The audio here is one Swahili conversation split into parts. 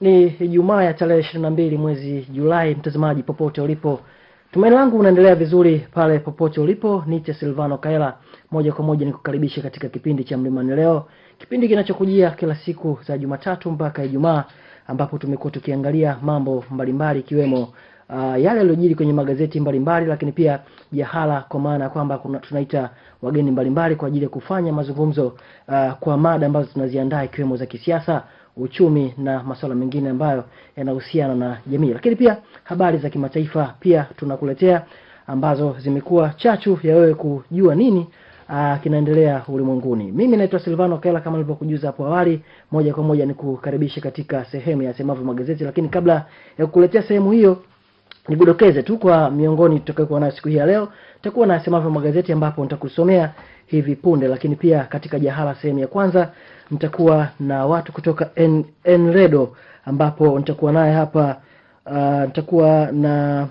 Ni Ijumaa ya tarehe ishirini na mbili mwezi Julai. Mtazamaji popote ulipo, tumaini langu unaendelea vizuri pale popote ulipo. Niche Silvano Kaela, moja kwa moja nikukaribisha katika kipindi cha Mlimani Leo, kipindi kinachokujia kila siku za Jumatatu mpaka Ijumaa, ambapo tumekuwa tukiangalia mambo mbalimbali ikiwemo uh, yale yaliyojiri kwenye magazeti mbalimbali, lakini pia jahala, kwa maana kwamba tunaita wageni mbalimbali kwa ajili ya kufanya mazungumzo uh, kwa mada ambazo tunaziandaa ikiwemo za kisiasa uchumi na masuala mengine ambayo yanahusiana na jamii. Lakini pia habari za kimataifa pia tunakuletea ambazo zimekuwa chachu ya wewe kujua nini uh, kinaendelea ulimwenguni. Mimi naitwa Silvano Kela, kama nilivyokujuza hapo awali. Moja kwa moja kukaribisha katika sehemu ya semavu magazeti, lakini kabla ya kukuletea sehemu hiyo Nikudokeze tu kwa miongoni tutakayokuwa nayo siku hii ya leo, tutakuwa na yasemavyo magazeti ambapo nitakusomea hivi punde, lakini pia katika jahala sehemu ya kwanza nitakuwa na watu kutoka en, Enredo ambapo nitakuwa naye hapa uh, nitakuwa na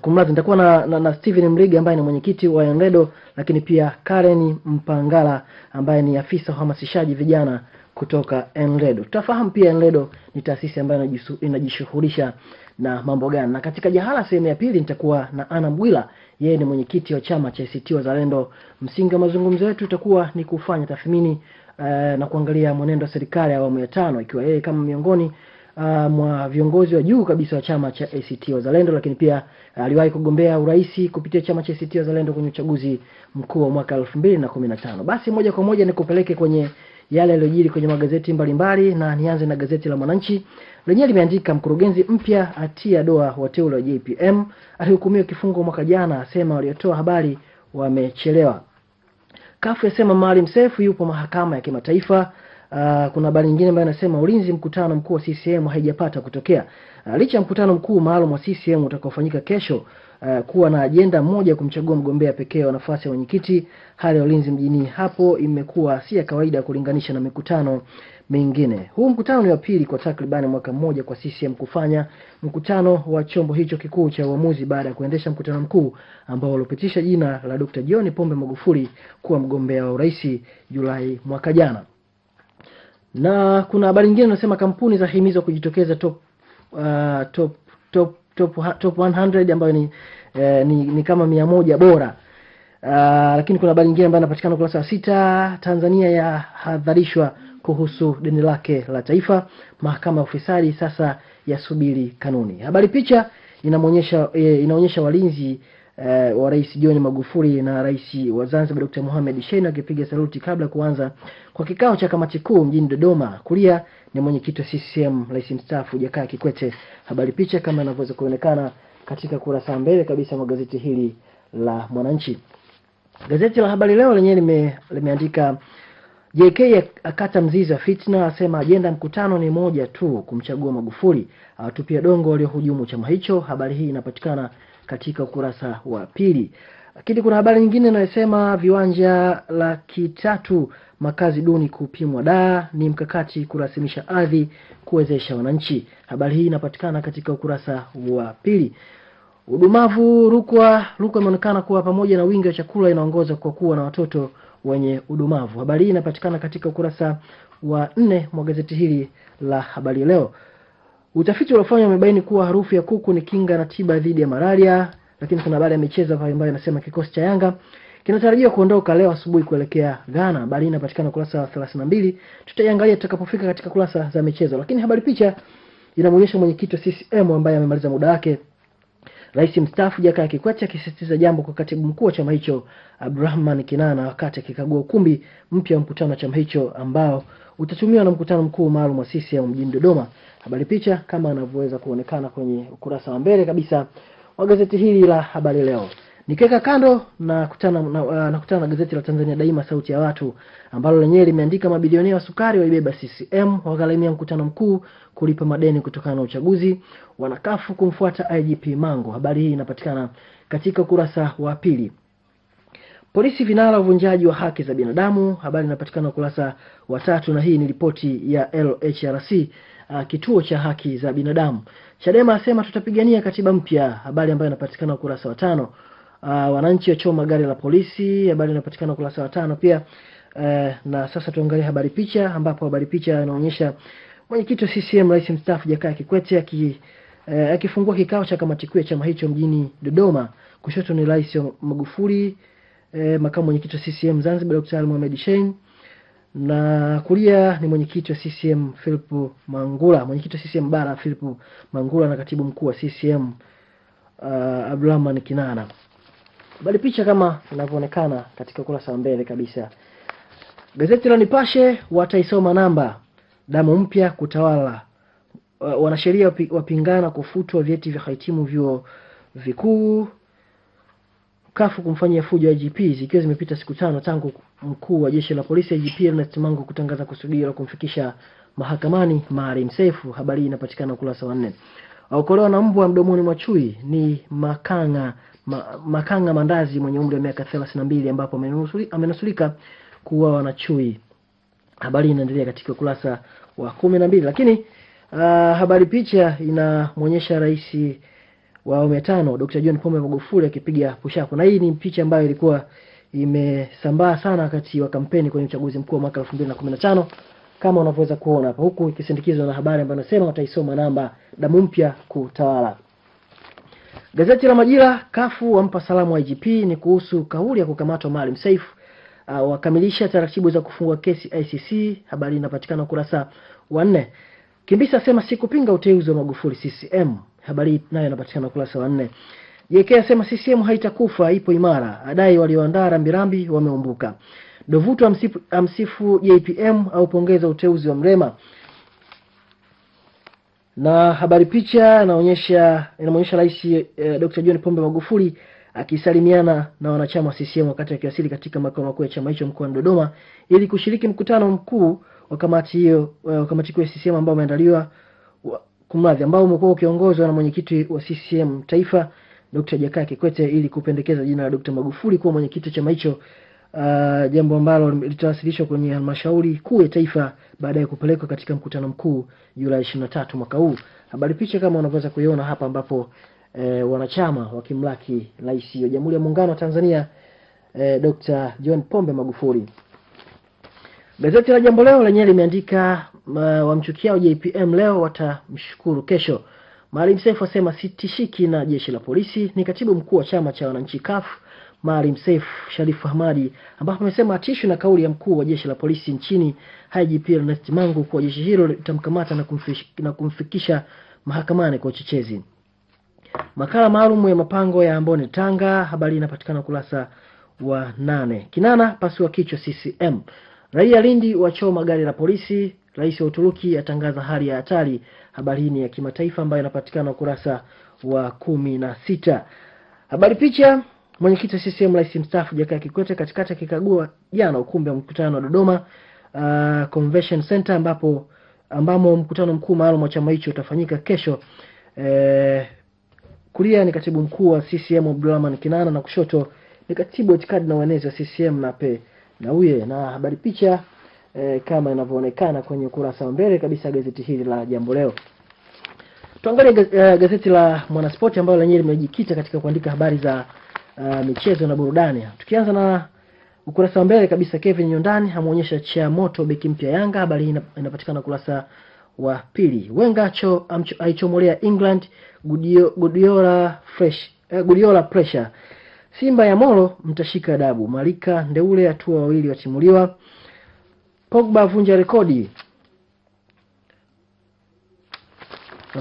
kumradhi, nitakuwa na, na, na Steven mrigi ambaye ni mwenyekiti wa Enredo, lakini pia Karen Mpangala ambaye ni afisa uhamasishaji vijana kutoka Enredo. Tutafahamu pia Enredo ni taasisi ambayo inajishughulisha na mambo gani. Na katika jahala sehemu ya pili nitakuwa na Ana mwila yeye ni mwenyekiti wa chama cha ACT Wazalendo. Msingi wa mazungumzo yetu itakuwa ni kufanya tathmini uh, na kuangalia mwenendo wa serikali ya awamu ya tano, ikiwa yeye kama miongoni uh, mwa viongozi wa juu kabisa wa chama cha ACT Wazalendo, lakini pia eh, aliwahi uh, kugombea urais kupitia chama cha ACT Wazalendo kwenye uchaguzi mkuu wa mwaka 2015. Basi moja kwa moja nikupeleke kwenye yale yaliyojiri kwenye magazeti mbalimbali mbali, na nianze na gazeti la Mwananchi lenyewe limeandika mkurugenzi mpya atia doa wateule wa JPM, alihukumiwa kifungo mwaka jana, asema waliotoa habari wamechelewa. Kafu yasema Maalim Seif yupo mahakama ya kimataifa. Ah, kuna habari nyingine ambayo inasema ulinzi mkutano mkuu wa CCM haijapata kutokea. Uh, licha ya mkutano mkuu maalum wa CCM utakaofanyika kesho uh, kuwa na ajenda moja kumchagua mgombea pekee wa nafasi ya mwenyekiti, hali ya ulinzi mjini hapo imekuwa si ya kawaida kulinganisha na mikutano mingine. Huu mkutano ni wa pili kwa takribani mwaka mmoja kwa CCM kufanya mkutano wa chombo hicho kikuu cha uamuzi baada ya kuendesha mkutano mkuu ambao ulipitisha jina la Dr. John Pombe Magufuli kuwa mgombea wa urais Julai mwaka jana. Na kuna habari nyingine inasema kampuni za himizo kujitokeza top, uh, top top top top 100 ambayo ni, eh, ni, ni kama mia moja bora uh, lakini kuna habari nyingine ambayo inapatikana ukurasa wa sita. Tanzania yahadharishwa kuhusu deni lake la taifa. Mahakama ya ufisadi sasa yasubiri kanuni. Habari picha inamwonyesha, eh, inaonyesha walinzi eh, wa Rais John Magufuli na Rais wa Zanzibar Dr. Mohamed Shein akipiga saluti kabla kuanza kwa kikao cha kamati kuu mjini Dodoma. Kulia ni mwenyekiti wa CCM Rais mstaafu Jakaya Kikwete. Habari picha kama inavyoweza kuonekana katika kurasa mbele kabisa mwa gazeti hili la Mwananchi. Gazeti la Habari Leo lenyewe lime, limeandika JK akata mzizi wa fitna, asema ajenda mkutano ni moja tu, kumchagua Magufuli, awatupia dongo waliohujumu chama hicho. Habari hii inapatikana katika ukurasa wa pili. Lakini kuna habari nyingine inayosema viwanja laki tatu makazi duni kupimwa daa ni mkakati kurasimisha ardhi kuwezesha wananchi. Habari hii inapatikana katika ukurasa wa pili. Udumavu Rukwa. Rukwa imeonekana kuwa pamoja na wingi wa chakula inaongoza kwa kuwa na watoto wenye udumavu. Habari hii inapatikana katika ukurasa wa nne mwa gazeti hili la Habari Leo. Utafiti uliofanywa umebaini kuwa harufu ya kuku ni kinga na tiba dhidi ya malaria, lakini kuna baadhi ya michezo mbalimbali inasema kikosi cha Yanga kinatarajiwa kuondoka leo asubuhi kuelekea Ghana. Habari hii inapatikana kurasa wa 32. Tutaiangalia tutakapofika katika kurasa za michezo, lakini habari picha inamuonyesha mwenyekiti wa CCM ambaye amemaliza muda wake Rais mstaafu Jakaya Kikwete akisisitiza jambo kwa katibu mkuu wa chama hicho Abdurahman Kinana wakati akikagua ukumbi mpya wa mkutano wa chama hicho ambao utatumiwa na mkutano mkuu maalum wa CCM mjini Dodoma. Habari picha kama anavyoweza kuonekana kwenye ukurasa wa mbele kabisa wa gazeti hili la Habari Leo nikiweka kando na kutana na, uh, na kutana na gazeti la Tanzania Daima sauti ya watu ambalo lenyewe limeandika mabilionea wa sukari waibeba CCM wagharamia mkutano mkuu kulipa madeni kutokana na uchaguzi, wanakafu kumfuata IGP Mango. Habari hii inapatikana katika ukurasa wa pili. Polisi vinara uvunjaji wa haki za binadamu, habari inapatikana ukurasa wa tatu, na hii ni ripoti ya LHRC uh, kituo cha haki za binadamu. Chadema asema tutapigania katiba mpya, habari ambayo inapatikana ukurasa wa tano uh, wananchi wachoma gari la polisi. Habari inapatikana ukurasa wa tano pia. Uh, na sasa tuangalie habari picha, ambapo habari picha inaonyesha mwenyekiti wa CCM rais mstaafu Jakaya Kikwete aki uh, akifungua kikao cha kamati kuu ya chama hicho mjini Dodoma. Kushoto ni rais Magufuli, uh, makamu mwenyekiti wa CCM Zanzibar Dr. Mohamed Shein na kulia ni mwenyekiti wa CCM Philip Mangula, mwenyekiti wa CCM bara Philip Mangula na katibu mkuu wa CCM uh, ah, Abdulrahman Kinana. Bali picha kama inavyoonekana katika kurasa wa mbele kabisa. Gazeti la Nipashe wataisoma namba damu mpya kutawala. Wanasheria wapingana kufutwa vyeti vya hitimu vyuo vikuu. Kafu kumfanyia fujo IGP zikiwa zimepita siku tano tangu mkuu wa jeshi la polisi IGP Ernest Mangu kutangaza kusudio la kumfikisha mahakamani Maalim Seif. Habari hii inapatikana ukurasa wa nne. Aokolewa na mbwa mdomoni mwa chui ni Makanga ma, Makanga Mandazi mwenye umri wa miaka 32 ambapo amenusurika kuuawa na chui. Habari inaendelea katika ukurasa wa kumi na mbili, lakini uh, habari picha inamwonyesha rais wa awamu ya tano Dr. John Pombe Magufuli akipiga pushapu, na hii ni picha ambayo ilikuwa imesambaa sana wakati wa kampeni kwenye uchaguzi mkuu wa mwaka 2015 kama unavyoweza kuona hapa, huku ikisindikizwa na habari ambayo nasema wataisoma namba damu mpya kutawala. Gazeti la Majira, kafu wampa salamu IGP, ni kuhusu kauli ya kukamatwa Maalim Saif Uh, wakamilisha taratibu za kufungua kesi ICC. Habari inapatikana ukurasa wa 4 Kimbisa sema sikupinga uteuzi wa Magufuli CCM. Habari nayo inapatikana ukurasa wa 4 JK asema CCM haitakufa, ipo imara, adai walioandaa rambirambi wameumbuka. Dovuto amsifu, amsifu JPM aupongeza uteuzi wa Mrema na habari picha inaonyesha inaonyesha Rais eh, Dr. John Pombe Magufuli akisalimiana na wanachama wa CCM wakati akiwasili katika makao makuu ya chama hicho mkoani Dodoma ili kushiriki mkutano mkuu wa kamati hiyo eh, wa kamati kuu ya CCM ambao umeandaliwa kumradhi, ambao umekuwa ukiongozwa na mwenyekiti wa CCM taifa Dr. Jakaya Kikwete ili kupendekeza jina la Dr. Magufuli kuwa mwenyekiti wa chama hicho uh, jambo ambalo litawasilishwa kwenye halmashauri kuu ya taifa baada ya kupelekwa katika mkutano mkuu Julai 23 mwaka huu. Habari picha kama unavyoweza kuiona hapa, ambapo eh, wanachama wakimlaki Rais wa Jamhuri ya Muungano wa Tanzania eh, Dr. John Pombe Magufuli. Gazeti la Jambo Leo lenyewe limeandika wamchukia wamchukiao JPM leo watamshukuru kesho. Maalim Seif asema sitishiki na jeshi la polisi. Ni katibu mkuu wa chama cha wananchi kafu Maalim Seif Sharif Hamadi, ambapo amesema atishwe na kauli ya mkuu wa jeshi la polisi nchini IGP Ernest Mangu kuwa jeshi hilo litamkamata na, kumfish, na kumfikisha mahakamani kwa uchochezi. Makala maalum ya mapango ya Amboni Tanga, habari inapatikana ukurasa wa nane. Kinana pasua kichwa CCM, raia Lindi wachoma gari la polisi, rais wa Uturuki atangaza hali ya hatari. Habari hii ni ya kimataifa ambayo inapatikana ukurasa wa kumi na sita. Habari picha Mwenyekiti wa CCM rais mstaafu Jakaya Kikwete katikati akikagua jana ukumbi wa mkutano wa Dodoma uh, Convention Center ambapo ambamo mkutano mkuu maalum wa chama hicho utafanyika kesho. Eh, kulia ni katibu mkuu wa CCM Abdulrahman Kinana na kushoto ni katibu wa itikadi na uenezi wa CCM na pe na uye na habari picha eh, kama inavyoonekana kwenye ukurasa wa mbele kabisa gazeti hili la Jambo Leo. Tuangalie uh, gazeti la Mwanaspoti ambalo lenyewe limejikita katika kuandika habari za Uh, michezo na burudani. Tukianza na ukurasa wa mbele kabisa, Kevin Nyondani amuonyesha cha moto beki mpya Yanga. Habari hii inapatikana ukurasa wa pili. Wenga cho aichomolea England Gudio, Gudiola fresh eh, Gudiola pressure. Simba ya Moro mtashika adabu. Malika Ndeule atua wawili watimuliwa. Pogba vunja rekodi.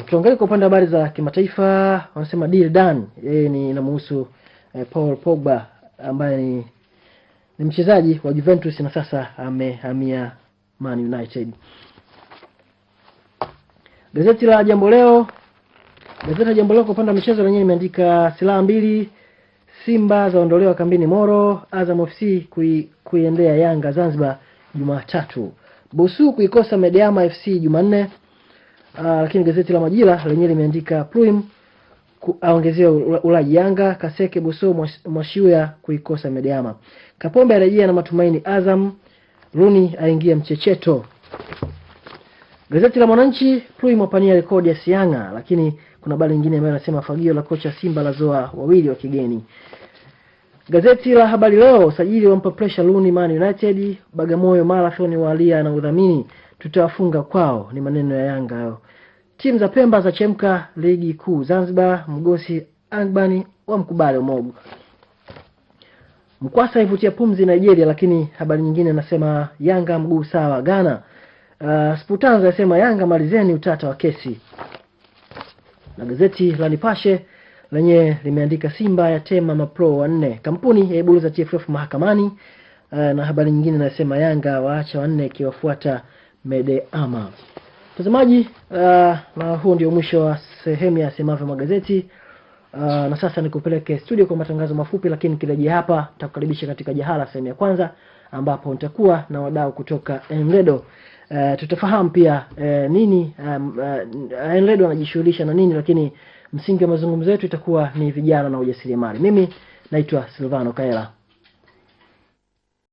Tuangalie kwa upande wa habari za kimataifa, wanasema deal done. Yeye ni inamhusu eh, Paul Pogba ambaye ni, ni mchezaji wa Juventus na sasa amehamia Man United. Gazeti la Jambo Leo, gazeti la Jambo Leo kwa upande wa michezo lenyewe limeandika silaha mbili Simba zaondolewa kambini Moro, Azam FC kui, kuiendea Yanga Zanzibar Jumatatu, Busu kuikosa Medeama FC Jumanne. Uh, lakini gazeti la Majira lenyewe limeandika Pluim aongezewa ula Yanga Kaseke Buso Mwashiuya kuikosa Medeama. Kapombe arejea na matumaini Azam. Runi aingia mchecheto. Gazeti la Mwananchi, Plui mwapania rekodi ya Sianga, lakini kuna habari nyingine ambayo anasema fagio la kocha Simba la zoa wawili wa kigeni. Gazeti la Habari Leo, sajili wampa pressure Runi Man United, Bagamoyo Marathon walia na udhamini, tutawafunga kwao, ni maneno ya Yanga hayo. Timu za Pemba za chemka ligi kuu Zanzibar, Mgosi Angbani wa mkubali Mogo. Mkwasa ivutia pumzi Nigeria, lakini habari nyingine nasema Yanga mguu sawa Ghana. Uh, Sputanza yasema Yanga malizeni utata wa kesi. Na gazeti la Nipashe lenye limeandika Simba ya tema mapro wanne, kampuni yaiburuza TFF mahakamani. Uh, na habari nyingine nasema Yanga waacha wanne ikiwafuata Medeama. Mtazamaji, uh, na huu ndio mwisho wa sehemu ya semavyo magazeti. Uh, na sasa nikupeleke studio kwa matangazo mafupi, lakini nikirejea hapa nitakukaribisha katika jahala sehemu ya kwanza, ambapo nitakuwa na wadau kutoka Enredo. Uh, tutafahamu pia uh, nini um, uh, Enredo anajishughulisha na nini, lakini msingi wa mazungumzo yetu itakuwa ni vijana na ujasiriamali. Mimi naitwa Silvano Kaela.